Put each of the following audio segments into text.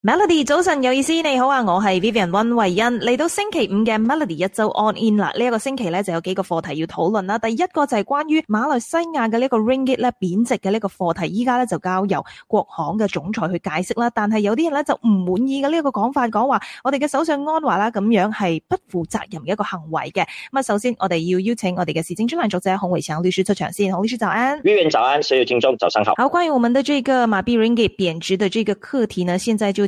Melody，早晨有意思，你好啊，我係 Vivian 温慧欣嚟到星期五嘅 Melody 一周 All In 啦。呢、這、一個星期咧就有幾個課題要討論啦。第一個就係關於馬來西亞嘅呢個 Ringgit 咧貶值嘅呢個課題，依家咧就交由國行嘅總裁去解釋啦。但係有啲人咧就唔滿意嘅呢、這個講法，講話我哋嘅首相安華啦咁樣係不負責任嘅一個行為嘅。咁啊，首先我哋要邀請我哋嘅市政專欄作者孔維祥律師出場先。孔律師早安，Vivian 早安，所有聽眾早上好。好，關於我們的這個馬幣 Ringgit 貶值的這個課題呢，現在就。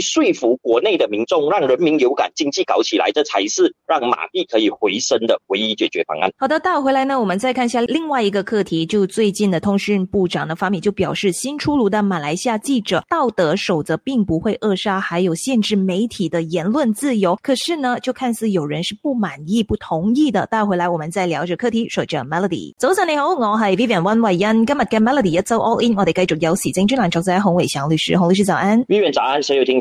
去說服國內的民眾，讓人民有感，經濟搞起來，這才是讓馬幣可以回升的唯一解決方案。好的，帶我回來呢，我們再看一下另外一個課題，就最近的通訊部長呢方面就表示，新出爐的馬來西亞記者道德守則，並不會扼殺，還有限制媒體的言論自由。可是呢，就看似有人是不滿意、不同意的。帶回來，我們再聊這課題。說着 Melody，早上你好，我係 Vivian One w 溫慧欣，今日嘅 Melody 一周 All In，我哋繼續有時政專欄作者洪偉祥律，律師，洪律師，早安。Vivian 早安，想要聽。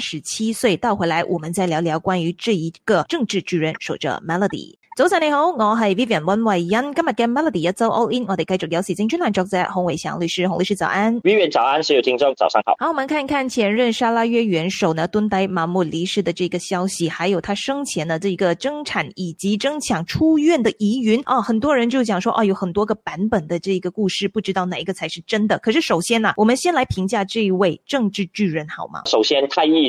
十七歲倒回來，我們再聊聊關於這一個政治巨人，守着 Melody。早上你好，我係 Vivian One Way 溫慧欣。今日嘅 Melody 一周 All In，我哋繼續有四點鐘繼續在洪偉祥律師，洪律師早安，Vivian 早安，所有聽眾早上好。好，我們看看前任砂拉越元首呢，蹲低麻木離世的這個消息，還有他生前呢，這一個爭產以及爭搶出院的疑雲哦，很多人就講說，哦，有很多個版本的這一個故事，不知道哪一個才是真的。可是首先呢，啊，我們先來評價這一位政治巨人好嗎？首先，他一。